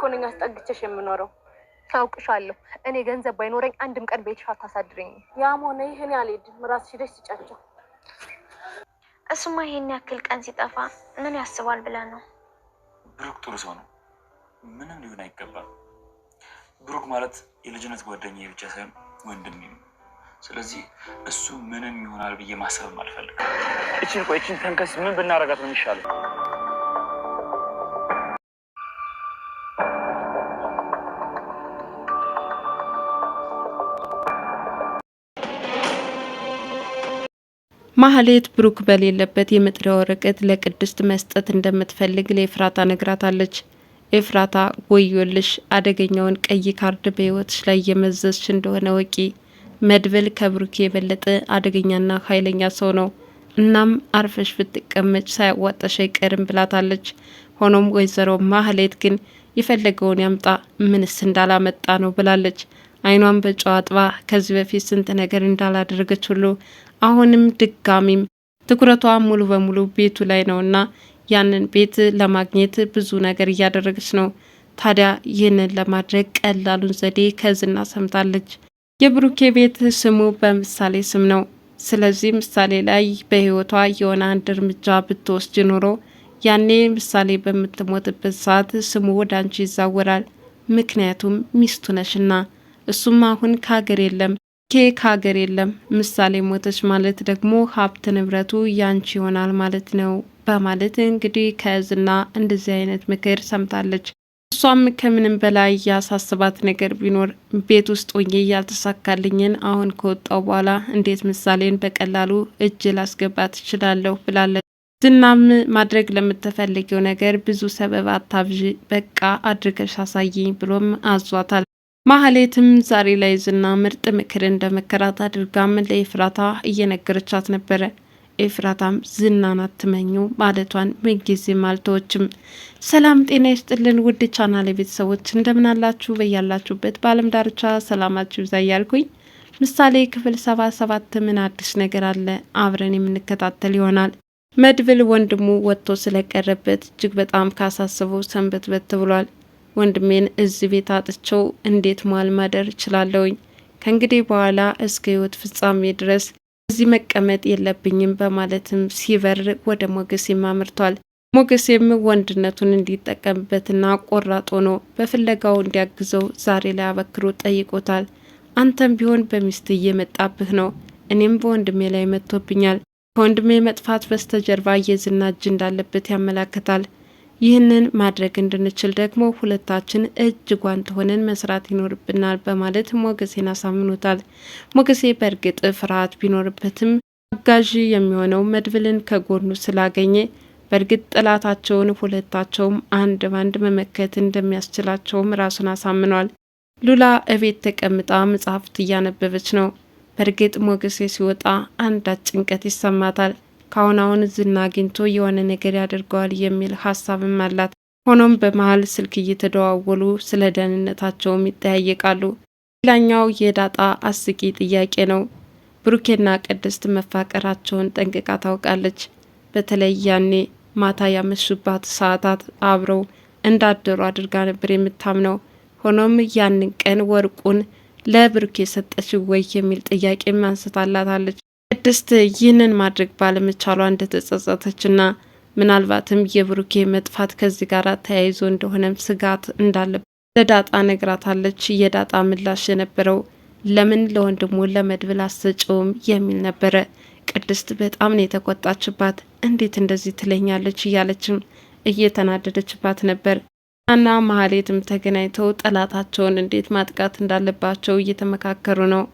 እኮ ነኝ አስጠግቼሽ የምኖረው። አውቅሻለሁ። እኔ ገንዘብ ባይኖረኝ አንድም ቀን ቤትሽ አታሳድረኝ። ያም ሆነ ይህን እኔ አልሄድም። ራስሽ ሂደሽ ስጫቸው። እሱማ ይሄን ያክል ቀን ሲጠፋ ምን ያስባል ብለን ነው። ብሩክ ጥሩ ሰው ነው። ምንም ሊሆን አይገባም። ብሩክ ማለት የልጅነት ጓደኛ ብቻ ሳይሆን ወንድሜ ነው። ስለዚህ እሱ ምንም ይሆናል ብዬ ማሰብም አልፈልግም። እችን ቆይችን ተንከስ ምን ብናረጋት ነው የሚሻለው? ማህሌት ብሩክ በሌለበት የመጥሪያ ወረቀት ለቅድስት መስጠት እንደምትፈልግ ለኤፍራታ ነግራታለች። ኤፍራታ ወዮልሽ፣ አደገኛውን ቀይ ካርድ በህይወትሽ ላይ የመዘዝሽ እንደሆነ ወቂ። መድብል ከብሩክ የበለጠ አደገኛና ኃይለኛ ሰው ነው። እናም አርፈሽ ብትቀመጭ ሳያዋጣሽ አይቀርም ብላታለች። ሆኖም ወይዘሮ ማህሌት ግን የፈለገውን ያምጣ ምንስ እንዳላመጣ ነው ብላለች። አይኗን በጨው አጥባ ከዚህ በፊት ስንት ነገር እንዳላደረገች ሁሉ አሁንም ድጋሚም ትኩረቷ ሙሉ በሙሉ ቤቱ ላይ ነውና ያንን ቤት ለማግኘት ብዙ ነገር እያደረገች ነው። ታዲያ ይህንን ለማድረግ ቀላሉን ዘዴ ከዝና ሰምታለች። የብሩኬ ቤት ስሙ በምሳሌ ስም ነው። ስለዚህ ምሳሌ ላይ በሕይወቷ የሆነ አንድ እርምጃ ብትወስድ ኖሮ ያኔ ምሳሌ በምትሞትበት ሰዓት ስሙ ወደ አንቺ ይዛወራል። ምክንያቱም ሚስቱ ነሽና እሱም አሁን ከሀገር የለም ኬ ከሀገር የለም ምሳሌ ሞተች ማለት ደግሞ ሀብት ንብረቱ ያንቺ ይሆናል ማለት ነው በማለት እንግዲህ ከዝና እንደዚህ አይነት ምክር ሰምታለች። እሷም ከምንም በላይ ያሳስባት ነገር ቢኖር ቤት ውስጥ ሆኜ ያልተሳካልኝን አሁን ከወጣው በኋላ እንዴት ምሳሌን በቀላሉ እጅ ላስገባ ትችላለሁ ብላለች። ዝናም ማድረግ ለምትፈልገው ነገር ብዙ ሰበብ አታብዥ፣ በቃ አድርገሽ አሳይኝ ብሎም አዟታል። ማህሌትም ዛሬ ላይ ዝና ምርጥ ምክር እንደመከራት አድርጋም ለኤፍራታ እየነገረቻት ነበረ። ኤፍራታም ዝናን አትመኙ ማለቷን ምንጊዜም አልተወችም። ሰላም ጤና ይስጥልን ውድ ቻናሌ ቤተሰቦች እንደምናላችሁ በያላችሁበት በአለም ዳርቻ ሰላማችሁ ይብዛ እያልኩኝ ምሳሌ ክፍል ሰባ ሰባት ምን አዲስ ነገር አለ አብረን የምንከታተል ይሆናል። መድብል ወንድሙ ወጥቶ ስለቀረበት እጅግ በጣም ካሳስበው ሰንበት በት ብሏል። ወንድሜን እዚህ ቤት አጥቸው እንዴት መዋል ማደር እችላለሁኝ? ከእንግዲህ በኋላ እስከ ህይወት ፍጻሜ ድረስ እዚህ መቀመጥ የለብኝም በማለትም ሲበር ወደ ሞገሴም አምርቷል። ሞገሴም ወንድነቱን እንዲጠቀምበትና ቆራጦ ነው በፍለጋው እንዲያግዘው ዛሬ ላይ አበክሮ ጠይቆታል። አንተም ቢሆን በሚስት እየመጣብህ ነው፣ እኔም በወንድሜ ላይ መጥቶብኛል። ከወንድሜ መጥፋት በስተጀርባ የዝና እጅ እንዳለበት ያመላክታል። ይህንን ማድረግ እንድንችል ደግሞ ሁለታችን እጅ ጓንት ሆነን መስራት ይኖርብናል በማለት ሞገሴን አሳምኖታል። ሞገሴ በእርግጥ ፍርሃት ቢኖርበትም አጋዥ የሚሆነው መድብልን ከጎኑ ስላገኘ በእርግጥ ጠላታቸውን ሁለታቸውም አንድ ባንድ መመከት እንደሚያስችላቸውም ራሱን አሳምኗል። ሉላ እቤት ተቀምጣ መጽሐፍት እያነበበች ነው። በእርግጥ ሞገሴ ሲወጣ አንዳች ጭንቀት ይሰማታል። ከአሁን አሁን ዝና አግኝቶ የሆነ ነገር ያደርገዋል የሚል ሀሳብም አላት። ሆኖም በመሀል ስልክ እየተደዋወሉ ስለ ደህንነታቸውም ይጠያየቃሉ። ሌላኛው የዳጣ አስቂ ጥያቄ ነው። ብሩኬና ቅድስት መፋቀራቸውን ጠንቅቃ ታውቃለች። በተለይ ያኔ ማታ ያመሹባት ሰዓታት አብረው እንዳደሩ አድርጋ ነበር የምታምነው። ሆኖም ያንን ቀን ወርቁን ለብሩኬ ሰጠች ወይ የሚል ጥያቄ አንስታላታለች። ቅድስት ይህንን ማድረግ ባለመቻሏ እንደተጸጸተችና ምናልባትም የብሩኬ መጥፋት ከዚህ ጋር ተያይዞ እንደሆነም ስጋት እንዳለበት ለዳጣ ነግራታለች። የዳጣ ምላሽ የነበረው ለምን ለወንድሙ ለመድብል አሰጨውም የሚል ነበረ። ቅድስት በጣም ነው የተቆጣችባት። እንዴት እንደዚህ ትለኛለች እያለችም እየተናደደችባት ነበር። እና መሀሌትም ተገናኝተው ጠላታቸውን እንዴት ማጥቃት እንዳለባቸው እየተመካከሩ ነው።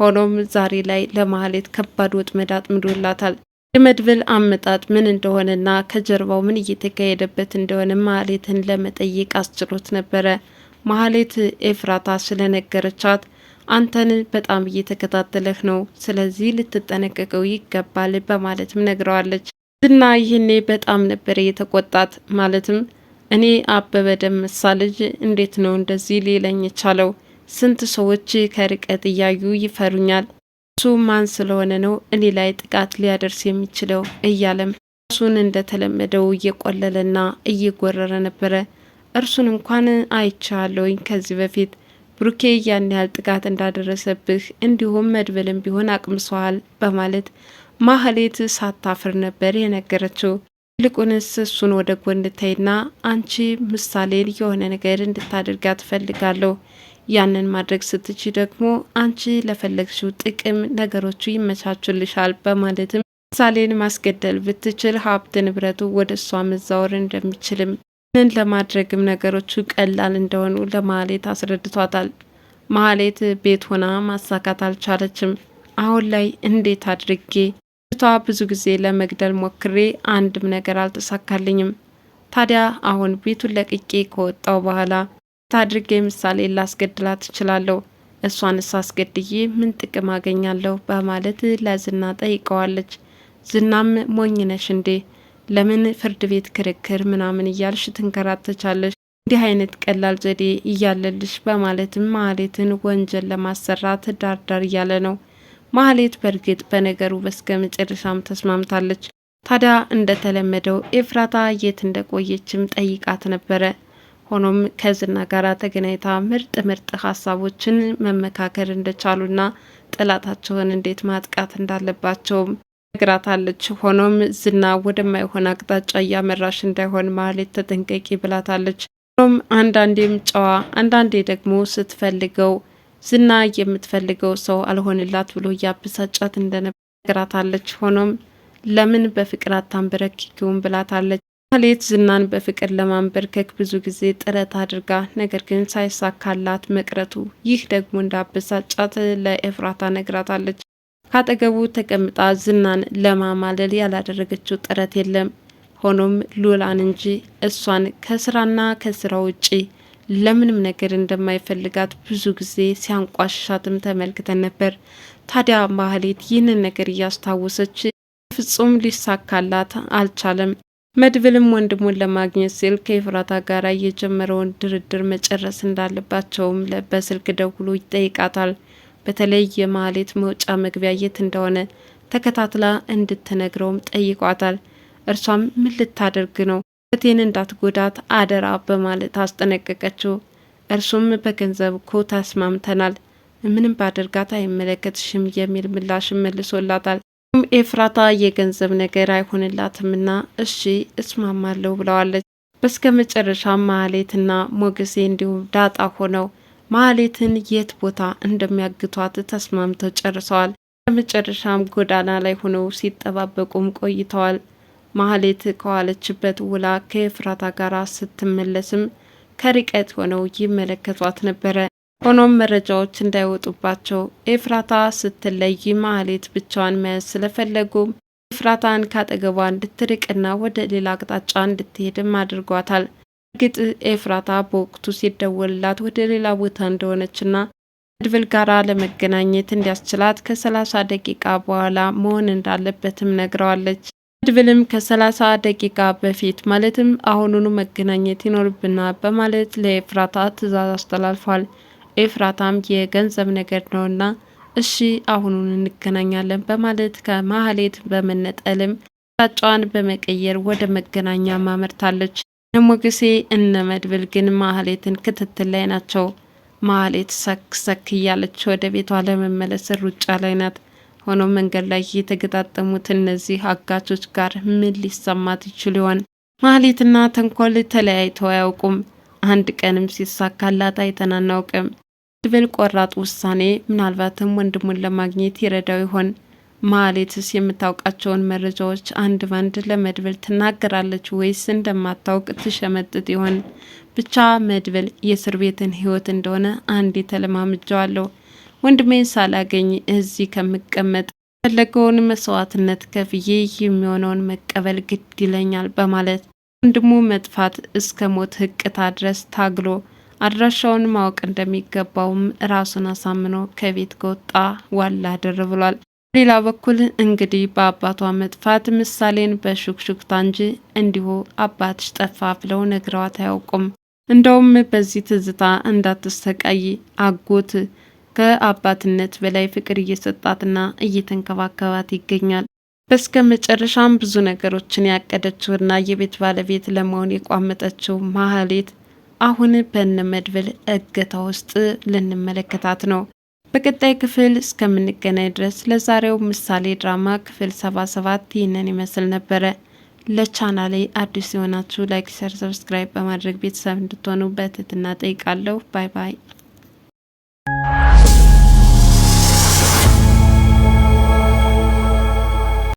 ሆኖም ዛሬ ላይ ለማህሌት ከባድ ወጥመድ አጥምዶላታል። የመድብል አመጣጥ ምን እንደሆነና ከጀርባው ምን እየተካሄደበት እንደሆነ ማህሌትን ለመጠየቅ አስችሎት ነበረ። ማህሌት ኤፍራታ ስለነገረቻት አንተን በጣም እየተከታተለህ ነው፣ ስለዚህ ልትጠነቀቀው ይገባል በማለትም ነግረዋለች። ዝና ይህኔ በጣም ነበር የተቆጣት። ማለትም እኔ አበበ ደመሳ ልጅ እንዴት ነው እንደዚህ ሊለኝ ቻለው? ስንት ሰዎች ከርቀት እያዩ ይፈሩኛል፣ እሱ ማን ስለሆነ ነው እኔ ላይ ጥቃት ሊያደርስ የሚችለው እያለም እሱን እንደተለመደው እየቆለለና እየጎረረ ነበረ። እርሱን እንኳን አይቻለውኝ ከዚህ በፊት ብሩኬ ያን ያህል ጥቃት እንዳደረሰብህ እንዲሁም መድብልም ቢሆን አቅምሰዋል በማለት ማህሌት ሳታፍር ነበር የነገረችው። ይልቁንስ እሱን ወደ ጎን እንድታይና አንቺ ምሳሌን የሆነ ነገር እንድታደርጋ ትፈልጋለሁ ያንን ማድረግ ስትች ደግሞ አንቺ ለፈለግሽው ጥቅም ነገሮቹ ይመቻቹልሻል በማለትም ምሳሌን ማስገደል ብትችል ሀብት ንብረቱ ወደ እሷ መዛወር እንደሚችልም ምን ለማድረግም ነገሮቹ ቀላል እንደሆኑ ለማሌት አስረድቷታል። ማሌት ቤት ሆና ማሳካት አልቻለችም። አሁን ላይ እንዴት አድርጌ ቷ ብዙ ጊዜ ለመግደል ሞክሬ አንድም ነገር አልተሳካልኝም። ታዲያ አሁን ቤቱን ለቅቄ ከወጣው በኋላ አድርጌ ምሳሌ ላስገድላት እችላለሁ። እሷንስ አስገድዬ ምን ጥቅም አገኛለሁ? በማለት ለዝና ጠይቀዋለች። ዝናም ሞኝነሽ እንዴ? ለምን ፍርድ ቤት ክርክር ምናምን እያልሽ ትንከራተቻለሽ? እንዲህ አይነት ቀላል ዘዴ እያለልሽ በማለትም ማህሌትን ወንጀል ለማሰራት ዳርዳር እያለ ነው። ማህሌት በእርግጥ በነገሩ በስገ መጨረሻም ተስማምታለች። ታዲያ እንደተለመደው ኤፍራታ የት እንደቆየችም ጠይቃት ነበረ። ሆኖም ከዝና ጋር ተገናኝታ ምርጥ ምርጥ ሀሳቦችን መመካከር እንደቻሉና ጠላታቸውን እንዴት ማጥቃት እንዳለባቸውም ነግራታለች። ሆኖም ዝና ወደማይሆን አቅጣጫ እያመራሽ እንዳይሆን ማህሌት ተጠንቀቂ ብላታለች። ሆኖም አንዳንዴም ጨዋ፣ አንዳንዴ ደግሞ ስትፈልገው ዝና የምትፈልገው ሰው አልሆንላት ብሎ እያበሳጫት እንደነበር ነግራታለች። ሆኖም ለምን በፍቅር አታንበረክኪውም ብላታለች። ማህሌት ዝናን በፍቅር ለማንበርከክ ብዙ ጊዜ ጥረት አድርጋ ነገር ግን ሳይሳካላት መቅረቱ ይህ ደግሞ እንዳበሳጫት ለኤፍራታ ነግራታለች። ካጠገቡ ተቀምጣ ዝናን ለማማለል ያላደረገችው ጥረት የለም። ሆኖም ሉላን እንጂ እሷን ከስራና ከስራ ውጪ ለምንም ነገር እንደማይፈልጋት ብዙ ጊዜ ሲያንቋሽሻትም ተመልክተን ነበር። ታዲያ ማህሌት ይህንን ነገር እያስታወሰች ፍጹም ሊሳካላት አልቻለም። መድብልም ወንድሙን ለማግኘት ሲል ከኤፍራታ ጋር የጀመረውን ድርድር መጨረስ እንዳለባቸውም በስልክ ደውሎ ይጠይቃታል። በተለይ የማህሌት መውጫ መግቢያ የት እንደሆነ ተከታትላ እንድትነግረውም ጠይቋታል። እርሷም ምን ልታደርግ ነው? እህቴን እንዳትጎዳት አደራ በማለት አስጠነቀቀችው። እርሱም በገንዘብ እኮ ተስማምተናል፣ ምንም ባደርጋት አይመለከትሽም የሚል ምላሽ መልሶላታል። ኤፍራታ የገንዘብ ነገር አይሆንላትምና እሺ እስማማለሁ ብለዋለች። በስከ መጨረሻ ማህሌትና ሞገሴ እንዲሁም ዳጣ ሆነው ማህሌትን የት ቦታ እንደሚያግቷት ተስማምተው ጨርሰዋል። በመጨረሻም ጎዳና ላይ ሆነው ሲጠባበቁም ቆይተዋል። ማህሌት ከዋለችበት ውላ ከኤፍራታ ጋር ስትመለስም ከርቀት ሆነው ይመለከቷት ነበረ። ሆኖም መረጃዎች እንዳይወጡባቸው ኤፍራታ ስትለይ ማህሌት ብቻዋን መያዝ ስለፈለጉም ኤፍራታን ካጠገቧ እንድትርቅና ወደ ሌላ አቅጣጫ እንድትሄድም አድርጓታል። እርግጥ ኤፍራታ በወቅቱ ሲደወልላት ወደ ሌላ ቦታ እንደሆነችና መድብል ጋራ ለመገናኘት እንዲያስችላት ከሰላሳ ደቂቃ በኋላ መሆን እንዳለበትም ነግረዋለች። መድብልም ከሰላሳ ደቂቃ በፊት ማለትም አሁኑኑ መገናኘት ይኖርብና በማለት ለኤፍራታ ትዕዛዝ አስተላልፏል። ኤፍራታም የገንዘብ ነገር ነውና እሺ አሁኑን እንገናኛለን በማለት ከማህሌት በመነጠልም ታጫዋን በመቀየር ወደ መገናኛ ማመርታለች። ነሞገሴ እነ መድብል ግን ማህሌትን ክትትል ላይ ናቸው። ማህሌት ሰክ ሰክ እያለች ወደ ቤቷ ለመመለስ ሩጫ ላይ ናት። ሆኖ መንገድ ላይ የተገጣጠሙት እነዚህ አጋቾች ጋር ምን ሊሰማት ይችል ይሆን? ማህሌትና ተንኮል ተለያይተው አያውቁም። አንድ ቀንም ሲሳካላት አይተን አናውቅም። ድቤል ቆራጥ ውሳኔ ምናልባትም ወንድሙን ለማግኘት ይረዳው ይሆን? ማህሌትስ የምታውቃቸውን መረጃዎች አንድ ባንድ ለመድብል ትናገራለች ወይስ እንደማታውቅ ትሸመጥጥ ይሆን? ብቻ መድብል የእስር ቤትን ህይወት እንደሆነ አንዴ ተለማምጀዋለሁ። ወንድሜን ሳላገኝ እዚህ ከምቀመጥ ፈለገውን መስዋዕትነት ከፍዬ የሚሆነውን መቀበል ግድ ይለኛል በማለት ወንድሙ መጥፋት እስከ ሞት ህቅታ ድረስ ታግሎ አድራሻውን ማወቅ እንደሚገባውም ራሱን አሳምኖ ከቤት ከወጣ ዋላ ድር ብሏል። በሌላ በኩል እንግዲህ በአባቷ መጥፋት ምሳሌን በሹክሹክታ እንጂ እንዲሁ አባትሽ ጠፋ ብለው ነግረዋት አያውቁም። እንደውም በዚህ ትዝታ እንዳትሰቃይ አጎት ከአባትነት በላይ ፍቅር እየሰጣትና እየተንከባከባት ይገኛል። በስከ መጨረሻም ብዙ ነገሮችን ያቀደችውና የቤት ባለቤት ለመሆን የቋመጠችው ማህሌት አሁን በነመድብል እገታ ውስጥ ልንመለከታት ነው። በቀጣይ ክፍል እስከምንገናኝ ድረስ ለዛሬው ምሳሌ ድራማ ክፍል 77 ይህንን ይመስል ነበረ። ለቻናሌ አዲስ የሆናችሁ ላይክ፣ ሸር፣ ሰብስክራይብ በማድረግ ቤተሰብ እንድትሆኑ በትህትና ጠይቃለሁ። ባይ ባይ።